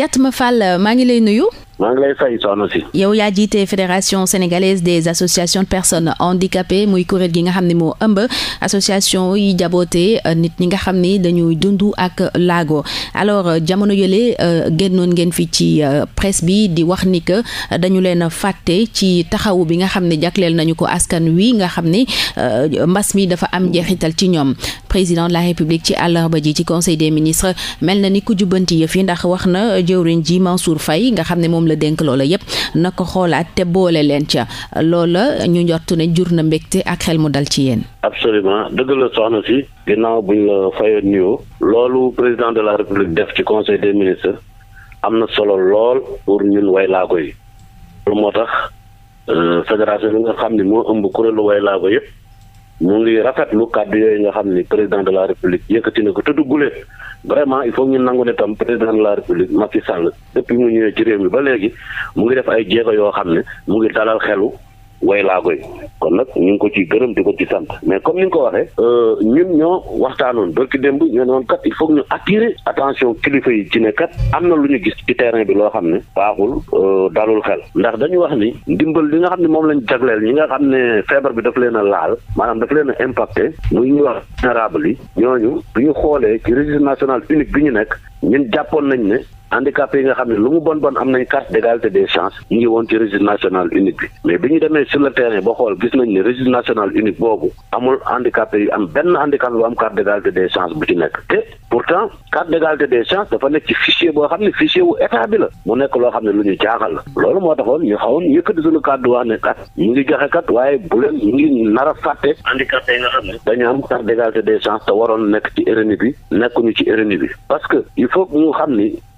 Yatma Fall maa ngi lay nuyu maa yaa jiite fédération sénégalaise des associations de personnes handicapées muy kuréel gi nga xam ne moo ëmb association yi jaboote euh, nit ñi nga xam ni dañuy dundu ak laago alors euh, jamono yële euh, génnoon ngeen fi ci presse bi di wax ni que dañu leen a fàtte ci taxawu bi nga xam ne jagleel nañu ko askan wi nga xam ne mbas mi dafa am njeexital ci ñoom président de la république ci àllarba ji ci conseil des ministres mel na ni ku jubbanti yëf fi ndax wax na jëwriñ ji Mansour Faye nga xam ne moom la dénk loola yépp na ko xoolaat te boole leen ca loola ñu njortu ne jur na mbégte ak xel mu dal ci yéen. absolument dëgg la soxna si ginnaaw buñ la fayoon nuyoo loolu président de la république def ci conseil de ministres am na solo lool pour ñun waylaago yi loolu moo tax euh, fédération bi nga xam ne moo ëmb kuréelu waylaago yépp mu ngi lu kàdd yooyu nga xam ni président de la république yëkkati na ko te duggule vraiment il faut ñu nangu ne tam président de la république Macky Sall depuis mu ñëwee ci réew mi ba léegi mu ngi def ay jéego yoo xam ne mu ngi dalal xelu way laa koy kon nag ñu ngi ko ci gërëm di ko ci sant mais comme ni nga ko waxee euh, ñun ñoo waxtaanoon barki démb ñoo ne woon kat il faut ñu attirer attention kilifa yi ci ne kat am na lu ñu gis ci terrain bi loo xam ne baaxul euh, dalul xel ndax dañu wax ni ndimbal li nga xam ne moom lañ jagleel ñi nga xam ne feebar bi daf leen a laal maanaam daf leen a impacté muy ñuy wax vulnérable yi ñooñu bu ñu xoolee ci registre national unique bi ñu nekk ñun jàppoon nañ ne handicapé yi nga xam ne lu mu bon bon am nañ carte d'égalité des chances ñu ngi woon ci registre national unique bi mais bi ñu demee sur le ba xool gis nañ ne registre national unique boobu amul handicapé yu am benn handicapé bu am carte d'égalité des chances bu ci nekk te pourtant carte d'égalité des chances dafa nekk ci fichier boo xam ne fichier wu état bi la mu nekk loo xam ne lu ñu jaaxal la loolu moo taxoon ñu xawoon yëkkati suñu kàddu ñu ngi joxe kat waaye bu a fàtte handicapé xam ne dañu am carte d'égalité des chances waroon nekk ci RNU bi nekkuñu ci RNU bi parce que il xam ni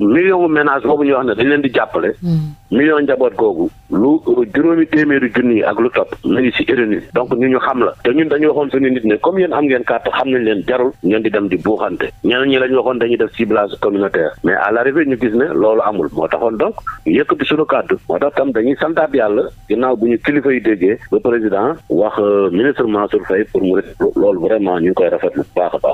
million ménage boobu ñuy wax ne dañ leen di jàppale. Hmm. million njaboot googu. lu juróomi téeméeri junni ak lu topp mu ngi ñu xam la te ñun dañu waxoon suñu nit ne comme yéen am ngeen carte xam nañ leen jarul ngeen di dem di buuxante ñeneen ñi lañ waxoon dañuy def ciblage communautaire mais à l'arrivée ñu gis ne loolu amul moo taxoon donc yëkkati suñu kàddu moo tax tam dañuy santaat yàlla ginnaaw bu ñu kilifa yi déggee ba président wax euh, ministre Mansour mu rek loolu vraiment ñu ngi koy rafetlu a a hmm.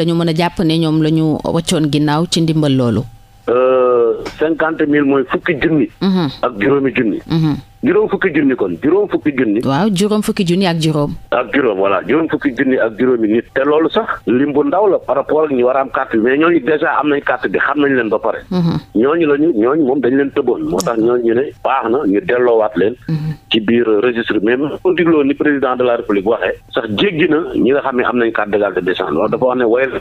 euh, euh, a jàpp ñoom la ñu waccoon ginnaaw ci ndimbal loolu. Euh, cinquante mille mooy fukki junni. Mhm. ak juróomi junni. Mhm. juróom fukki junni kon juróom fukki junni. waaw juróom fukki junni ak juróom. ak juróom voilà juróom fukki junni ak juróomi nit. te loolu sax lim bu ndaw la par rapport ak ñi war a am carte bi mais ñooñu dèjà am nañ carte bi xam nañ leen ba pare. Mhm. ñooñu la ñu moom dañ leen tëboon moo tax ñooñu ñu ne na ñu delloowaat leen. Mhm. ci biir registre bi même digloo ni président de la république waxee. sax jéggi na ñi nga xam ne am nañ carte d'égalité des chances loolu dafa wax ne wayal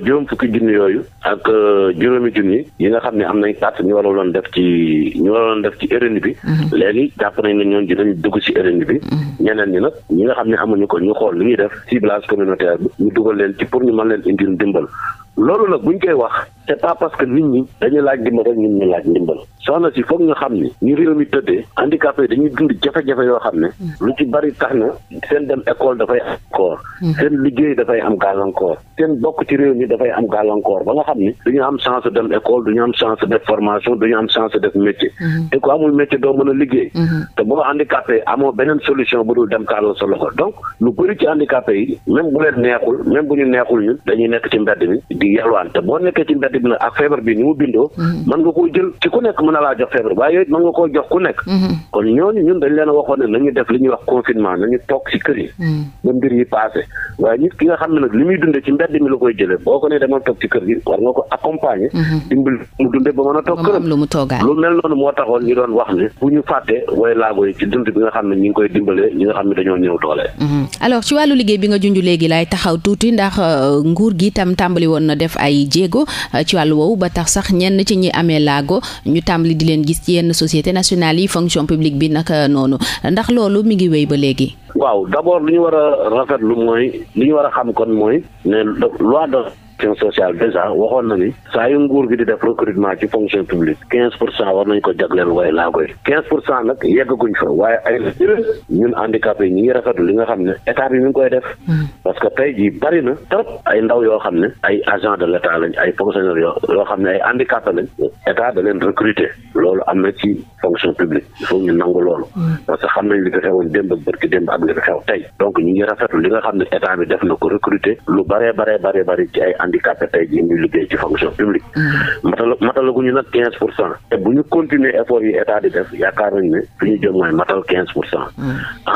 yi a juróom fukki junni yooyu ak euh, juróomi junni yi nga xam ne am nañ carte ñu waroon def ci ñu waroon def ci RNU bi mhm. léegi jàpp nañ ne ñoom dinañ dugg ci RNU bi mhm. ñeneen ñi nag ñi nga xam ne amuñu ko ñu xool li ñu def ciblage communautaire bi ñu dugal leen ci pour ñu mën leen indil ndimbal loolu nag buñ koy wax c'est pas parce que nit ñi dañu laaj ndimbal rek ñun ñu laaj ndimbal soxna si foog nga xam ni ñu réew mi tëddee handicapé yi dañuy dund jafe-jafe yoo xam ne lu ci bari tax na seen dem école dafay am koor hmm. seen liggéey dafay am gàllankoor seen bokk ci réew mi dafay am gàllankoor ba nga xam ne ñu am chance dem école duñu am chance def formation duñu am chance def métier hmm. te ku amul métier doo mën a liggéey hmm. te boo handicapé amoo beneen solution bu dul dem kaalal sa loxo donc lu bëri ci handicapé yi même bu leen neexul même bu ñu neexul ñun dañuy nekk ci mbedd mi di yalwaan te boo nekkee ci mbedd bi nag ak feebar bi ni mu bindoo mhm. mën nga koo jël ci ku nekk mën na laa jox feebar waaye it mën nga koo jox ku nekk mhm. kon ñooñu ñun dañ a mhm. nga xam ne boo ko ne demal toog ci kër gi war nga ko accompagner dimbali mu dundee ba mën a toog këram lu mel noonu moo taxoon ñu doon wax ne bu ñu fàttee way laago yi ci dund bi nga xam ne ñi ngi koy dimbalee ñi nga xam ne dañoo ñëw doole alors ci wàllu liggéey bi nga junj léegi a def ay jéego euh, ci wàllu woowu ba tax sax ñenn ci ñi amee laago ñu tàmbali di leen gis ci yenn société nationale yi fonction publique bi naka noonu ndax loolu mi ngi wéy ba léegi waaw d'abord li ñu war a rafetlu mooy li ñu war a xam kon mooy ne loi protection sociale déjà waxoon na ni saa yu nguur gi di def recrutement ci fonction publique quinze pour cent war nañ ko jagleel way laa koy quinze pour cent nag yeggaguñ fa waaye ay ñun handicapé yi ñu ngi rafetlu li nga xam ne état bi mi ngi koy hmm. jii bari na yoo xam ne ay agent de l' ay fonctionnaires yoo yoo xam ne ay handicapé lañ état da leen recruter loolu am na ci fonction publique il ñu nangu loolu hmm. parce que xam nañ li fi xewoon démb ak bërki démb ak li fi xew tey donc ñu ngi rafetlu li nga xam ne état bi def na ko recruter lu bare bare bare bari ci ay handicapé tey jii ñuy liggéey ci fonction publique. Mm. matal matalaguñu nag quinze pour cent. te bu ñu continuer effort yi état di def yaakaar nañu ne fi ñu jëm mooy matal quinze pour cent. Mm.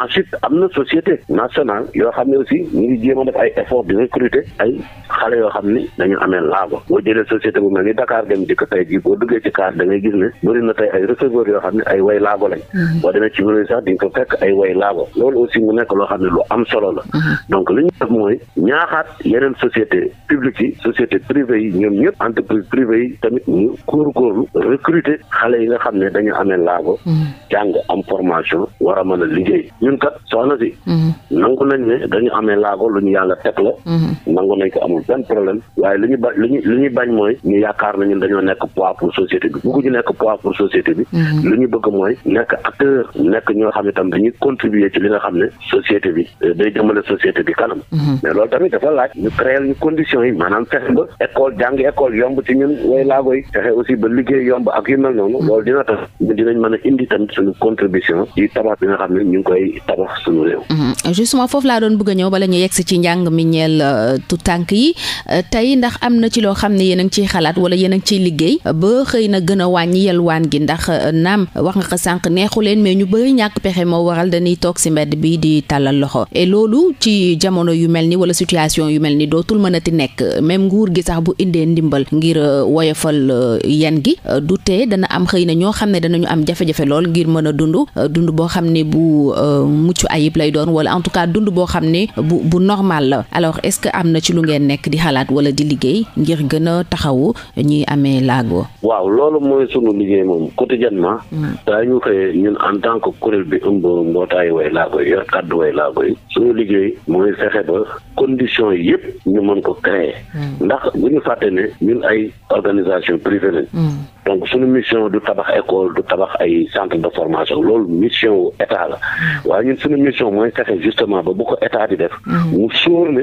ensuite am na société nationale yoo xam ne aussi ñu ngi jéem a def ay effort di recruter ay xale yoo xam ni dañu amee laago boo jëlee société bu mel ni Dakar dem dikk tey jii boo duggee ci kaar da gis ne bëri na ay receveurs yoo xam ne ay way laago lañ. Mm. boo demee ci société privée yi ñoom ñëpp entreprise privée yi tamit ñu góorgóorlu recruter xale yi nga xam ne dañu amee laago mm-hmm. jàng am formation war a a liggéey ñun kat soxna si mm-hmm. nangu nañ ne dañu amee laago lu ñu yàlla teg la mm-hmm. nangu nañ ko amul benn problème waaye li ñu ba li ñu li ñuy bañ mooy ñu yaakaar nañu dañoo nekk poids pour société bi bugguñu nekk poids pour société bi lu ñu bëgg mooy nekk acteur nekk ñoo xam ne tam dañuy contribuer ci li nga xam ne bi eh, day jëmale maanaam fexe ba école jàng école yomb ci ñun way laago yi fexe aussi ba liggéey yomb ak yu mel noonu loolu dina tax ñu dinañ mën a indi tamit suñu contribution ci tabax bi nga xam ne ñu koy tabax suñu réew mhm. justement foofu laa doon bëgg a ñëw bala ñu yegg si ci njàng mi ñeel euh, tu tànk yi euh, tey ndax am na ci loo xam ne yéen a ngi ciy xalaat wala yéen a ciy liggéey ba xëy na gën a wàññi yelwaan gi ndax euh, naam wax nga ko sànq neexu leen mais ñu ba ñàkk pexe moo waral dañuy toog si mbedd bi di tàllal loxo yu mel ni wala yu mel même nguur gi sax bu indee ndimbal ngir euh, woyofal euh, yan gi euh, du tee dana am xëy na ñoo xam ne danañu am jafe-jafe lool ngir mën a dund dund boo xam ne bu mucc ayib lay doon wala en tout cas dund boo xam ne bu bu normal la alors est-ce que am na ci lu ngeen nekk di xalaat wala di liggéey ngir gën a taxawu ñuy amee laago. waaw loolu mooy sunu liggéey moom quotidiennement. Hmm. daañu xëyee ñun en tant que kuréel bi ëmb mbootaayu way laago yi yor kàddu way laago yi. suñu liggéey yëpp ndax bu ñu fàtte ne ñun ay organisation privée lañ mm. donc suñu mission du tabax école du tabax ay centre de formation loolu mm-hmm. mooy ko état di mm-hmm. yoo xam ne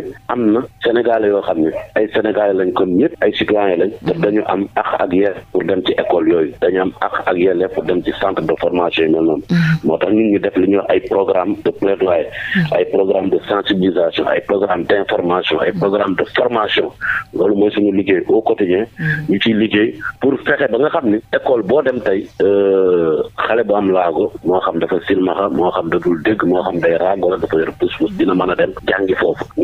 ay sénégalais lañ kon ñëpp ay citoyens lañ daf dañu am ak ak yelle pour école yooyu dañu am ak ak yelle ci centre de formation yi mel mm-hmm. moo tax ñun ñu def li ñuy wax ay programme de plaidoyer ay programme de sensibilisation ay programme d' information ay programme de formation loolu suñu liggéey au quotidien ñu ciy liggéey pour fexe ba nga xam ni école boo dem tey euh, xale bu am moo xam dafa silmaxa moo xam moo xam day raag wala dafa yor pus-pus dina mën ñu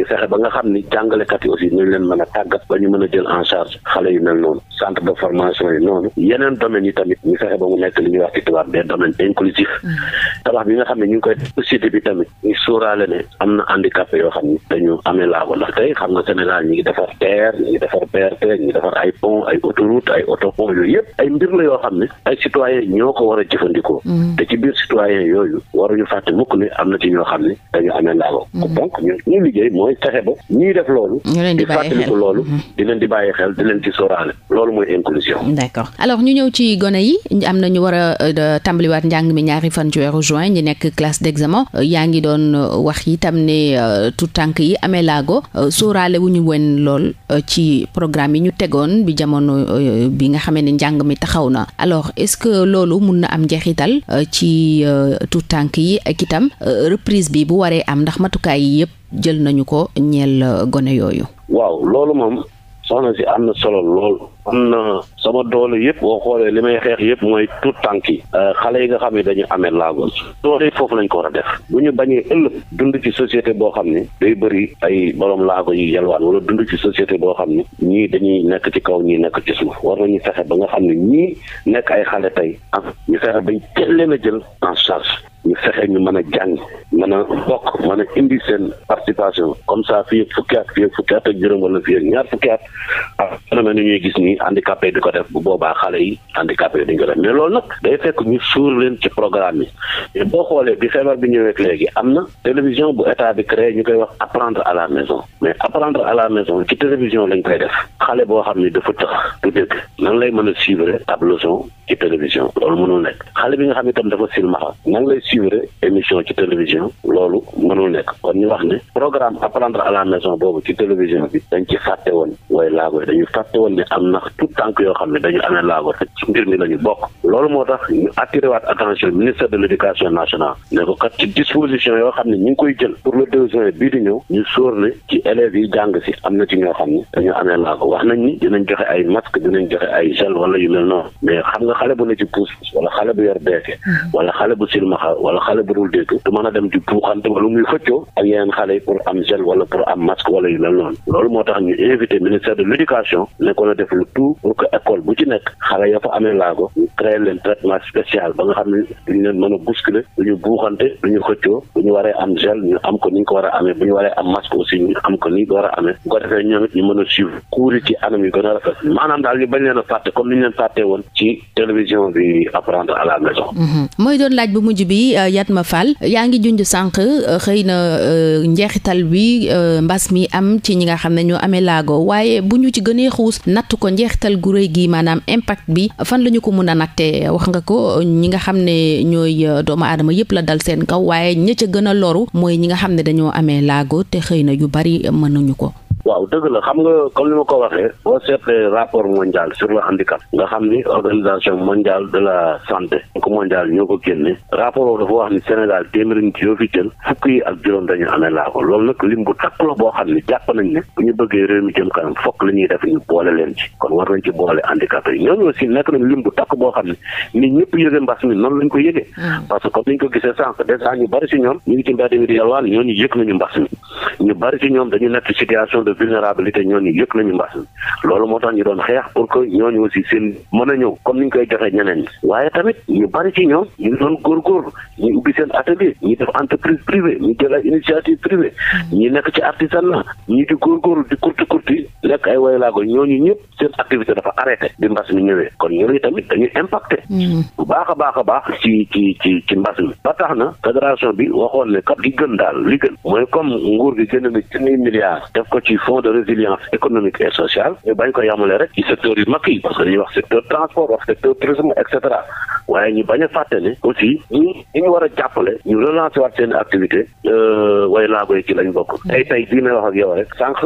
fexe ba nga xam ni jàngalekat yi aussi nañ leen mën a tàggat ba a jël en charge xale yu mel noonu centre de formation yi noonu yeneen domaines yi tamit ñu fexe ba mu nekk li ñuy wax ci tubaab des domaines inclusifs mm. tabax bi nga xam ne ñu ngi koy société bi tamit ñu sóoraale ne am na handicapé yoo xam ni dañu amee laago ndax tey xam nga Sénégal ñi ngi defar terre ñi ngi defar BRT ñi ngi defar ay pont ay autoroute ay autopont yooyu ay mbir la yoo xam ne ay citoyen ñoo ko war a jëfandikoo mm. te ci biir citoyen yooyu waruñu fàtte mukk ne am na ci ñoo xam ne dañu amee laago mm. donc ñu ñu liggéey mooy fexe ba ñuy def loolu di fàttaliku loolu mm-hmm. di leen di bàyyi xel di leen ci sóoraale loolu mooy inclusion d'accord alors ñu ñëw ci gone yi am na ñu war a euh, tàmbaliwaat njàng mi ñaari fan ci weeru juin ñi nekk classe d'examen euh, yaa ngi doon euh, wax itam ne tout tànk yi amee laago sóoraale wu ñu wen lool ci programme yi ñu tegoon bi jamono bi nga xamee ne mi taxaw na alors est-ce que loolu mun na am njeexital euh, ci euh, tout tànk yi ak itam euh, reprise bi bu waree am ndax matukaay yi yëpp jël nañu ko ñeel gone yooyu waaw loolu moom soxna si am na solo lool am na sama doole yëpp boo xoolee li may xeex yëpp mooy tout tànk yi euh, xale yi nga xam ne dañu amee laagoon doole foofu lañ ko war a def bu ñu bañee ëllëg dund ci société boo xam ne day bëri ay borom laago yi yalwaan wala dund ci société boo xam ne ñii dañuy nekk ci kaw ñii nekk ci suuf war nañu fexe ba nga xam ne ñii nekk ay xale tey am ah, ñu fexe bañ teel leen a jël en charge ñu fexe ñu mën a jàng man a bokk mën a indi seen participation comme ça fii ak fukki at fii ak fukki at ak juróom wala fii ak ñaar fukki at ah gis nii handicapé yi di ko def bu boobaa xale yi handicapé yi dañu ko def loolu nag day fekk ñu suur leen programme yi boo xoolee bi feebar bi ñëweek léegi am na télévision bu état bi créé ñu koy wax apprendre à la maison mais apprendre à la maison ci télévision lañ koy def xale boo xam ni dafa tëx nan lay mën a suivre ab leçon ci télévision loolu mënul nekk xale bi nga xam ne tam dafa silmaxa nan lay suivre émission ci télévision loolu mënul nekk kon ñu wax ne programme apprendre à la maison boobu ci télévision bi dañ ci fàtte woon waaye laago yi dañu fàtte woon ne am na tout tànk yoo xam ne dañu amee laago te ci mbir mi la bokk loolu moo tax ñu attiré waat attention ministère de l' nationale ne ko kat ci disposition yoo xam ne ñu ngi koy jël pour le deux juin bii di ñëw ñu sóor ne ci élèves yi jàng si am na ci ñoo xam ne dañu amee laago wax nañ ni dinañ joxe ay masque dinañ joxe ay gel wala yu mel noonu mais xam nga xale bu ne ci pousse wala xale wala xale bu dul dégg du mën a dem di buuxante wala muy xëccoo ak yeneen xale yi pour am gel wala pour am masque wala yu mel loolu moo tax ñu invité ministère de l' éducation nekkoon a def lu tout pour que école bu ci nekk xale ya fa amee laago ñu créé leen traitement spécial ba nga xam ne duñu leen mën a bousculer duñu buuxante ñu xëccoo bu ñu waree am gel ñu am ko ni ñu ko war amee bu ñu waree am masque aussi ñu am ko ni ñu ko war a amee bu ko ñoom it ñu mën a suivre cours yi ci anam yu daal ñu bañ leen a fàtte comme ni ñu leen fàtte woon ci télévision bi apprendre à la maison mm-hmm. ci euh, ma Fall yaa ngi junj sànq euh, xëy na euh, njeexital bi mbas mi am ci ñi nga xam ne ñoo amee laago waaye bu ñu ci gënee xuus natt ko njeexital gu rëy gi maanaam impact bi fan la ñu ko mën a nattee wax nga ko ñi nga xam ne ñooy doomu aadama yëpp la dal seen kaw waaye ña ca gën a loru mooy ñi nga xam ne dañoo amee laago te xëy na yu bari mënuñu ko waaw dëgg la xam nga comme ni ma ko waxee boo seetlee rapport mondial sur le handicap nga xam ni organisation mondiale de la santé ko mondial ñoo ko génne rapport boobu dafa wax ni Sénégal téeméeri nit yoo fi jël fukk yi ak juróom dañu amee laa ko loolu nag lim bu takk la boo xam ni jàpp nañ ne bu ñu bëggee réew mi jëm kanam fokk la def ñu boole leen ci kon war nañ ci boole handicapé yi ñooñu aussi nekk nañ lim bu takk boo xam ne nit ñëpp yëgee vulnérabilité ñooñu yëpp la ñu mbas loolu moo tax ñu doon xeex pour que ñooñu aussi seen mën a ñëw comme ni ñu koy joxee ñeneen waaye tamit ñu bari ci ñoom ñu doon góorgóorlu ñu ubbi seen atelier ñu def entreprise privée ñu jël ay initiative privée mm. ñu nekk ci artisanat ñu di góorgóorlu di kurti kurti nekk ay woy ko ñoo ñooñu ñëpp seen activité dafa arrêté bi mbas mi ñëwee kon ñooñu tamit dañuy impacté mm. bu baax a baax a baax ci ci ci ci mbas mi ba tax na fédération bi waxoon ne kat li daal li gën mooy comme gi génn na junniy fonds de résilience économique et sociale ñu bañ ko yamale rek ci secteur yu mag yi parce que dañuy wax secteur transport wax secteur tourisme et cetera waaye ñu bañ a fàtte ne aussi ñi ñu war a jàppale ñu relancer waat seen activité euh, way laago yi ci lañ bokk mm-hmm. tey tey bii wax ak yow rek sànq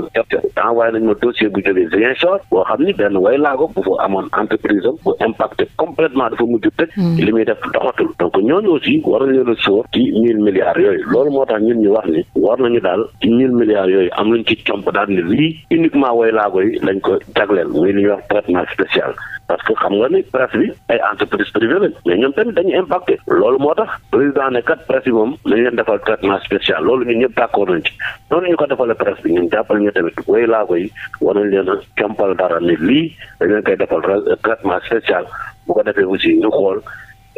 envoyé nañ ma dossier bu jógee Ziguinchor boo xam ni benn way laago bu fa amoon entreprise bu impacté complètement dafa mujj tëj mm-hmm. li muy donc ñooñu aussi a ne lii uniquement way laago yi lañ ko jagleel muy li ñuy wax traitement spécial parce que xam nga ni presse bi ay entreprise privée lañ mais ñoom tamit dañu impacté loolu moo tax président ne kat presse bi moom dañu leen defal traitement spécial loolu ñun ñëpp d'accord nañ ci noonu ñu ko defalee presse bi ñun jàppal ñu tamit way laago yi war nañ leen dara ne lii dañ leen koy defal traitement spécial bu ko defee aussi ñu xool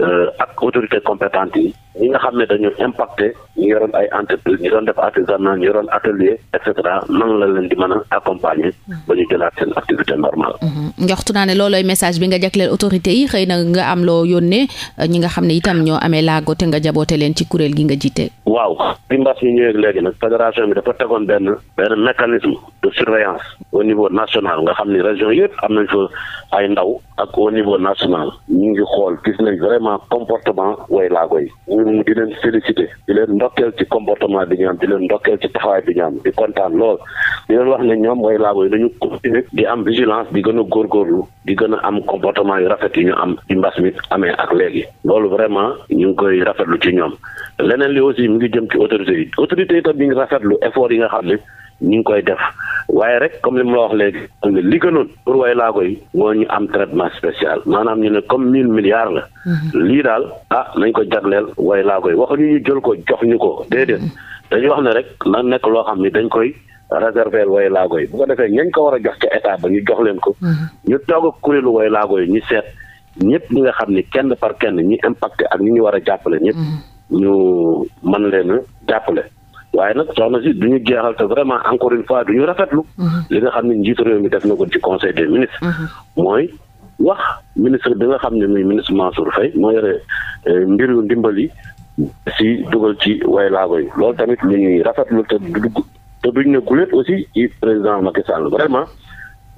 euh, ak autorité compétente yi ñi nga xam ne dañu impacte ñu yoroon ay entreprise ñu doon def artisanat ñu yoroon atelier et cetera nan la leen di mën a accompagner ba ñu jëlaat seen activité normale mhm. njoxtu naa ne loolooy message bi nga jagleel autorité yi xëy na nga am loo yónnee euh, ñi nga xam ne itam ñoo amee laago te nga jaboote leen ci kuréel gi nga jiite waaw bi mbas mi ñëwee léegi nag fédération bi dafa tegoon benn benn mécanisme de surveillance au niveau national nga xam ni région yëpp am nañ fa ay ndaw ak au niveau national ñu ngi xool gis nañ vraiment comportement way yi di leen félicité di leen ndokkeel ci comportement bi ñu di leen ndokkeel ci taxawaay bi ñu di kontaan lool di leen wax ne ñoom way laago yi dañu continuer di am vigilance di gën a góor góorlu di gën a am comportement yu rafet yi ñu am ci mbas mi amee ak léegi loolu vraiment ñu ngi koy rafetlu ci ñoom leneen li aussi mu ngi jëm ci autorités yi autorités yi tam ñu ngi rafetlu effort yi nga xam ne ñu ngi koy def waaye rek comme li ma la wax léegi li gënoon pour way laa yi moo ñu am traitement spécial maanaam ñu ne comme mille milliards la mhm. lii daal ah nañ ko jagleel way laa koy waxuñu ñu jël ko jox ñu ko déedéet mhm. dañu wax ne rek na nekk loo xam ni dañ koy réserver way laago yi bu ko defee ñañ ko war a jox ca état ba ñu jox leen ko mhm. ñu toog ak kuréelu way laago yi ñu seet ñëpp ñi nga xam ni kenn par kenn ñi impacté ak ñi ñu war a jàppale ñëpp ñu mën leen a jàppale waaye nag soxna si du ñu jeexal te vraiment encore une fois du ñu rafetlu. Mhm. li nga xam ne njiitu réew mi def na ko ci conseil des ministres. Mhm. mooy wax ministre bi nga xam ne mi ministre Mansour Faye moo yore eh, mbiru ndimbal yi si dugal ci way laago yi loolu tamit lu rafetlu te du te duñ ne guléet aussi ci président Macky Sall vraiment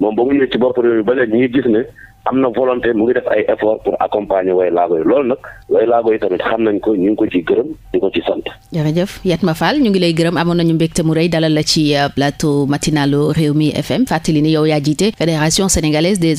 moom ba mu ñëw ci bopp réew mi ba léegi ñu ngi gis ne. am na volonté mu ngi def ay effort pour accompagner way laago yi loolu nag way laago yi tamit xam nañ ko ñu ngi ko ci gërëm di ko ci sant. jërëjëf Yatma Fall ñu ngi lay gërëm amoon nañu mbégte mu rëy dalal la ci euh, plateau matinalu Rewmi FM fàttali ni yow yaa jiite fédération sénégalaise des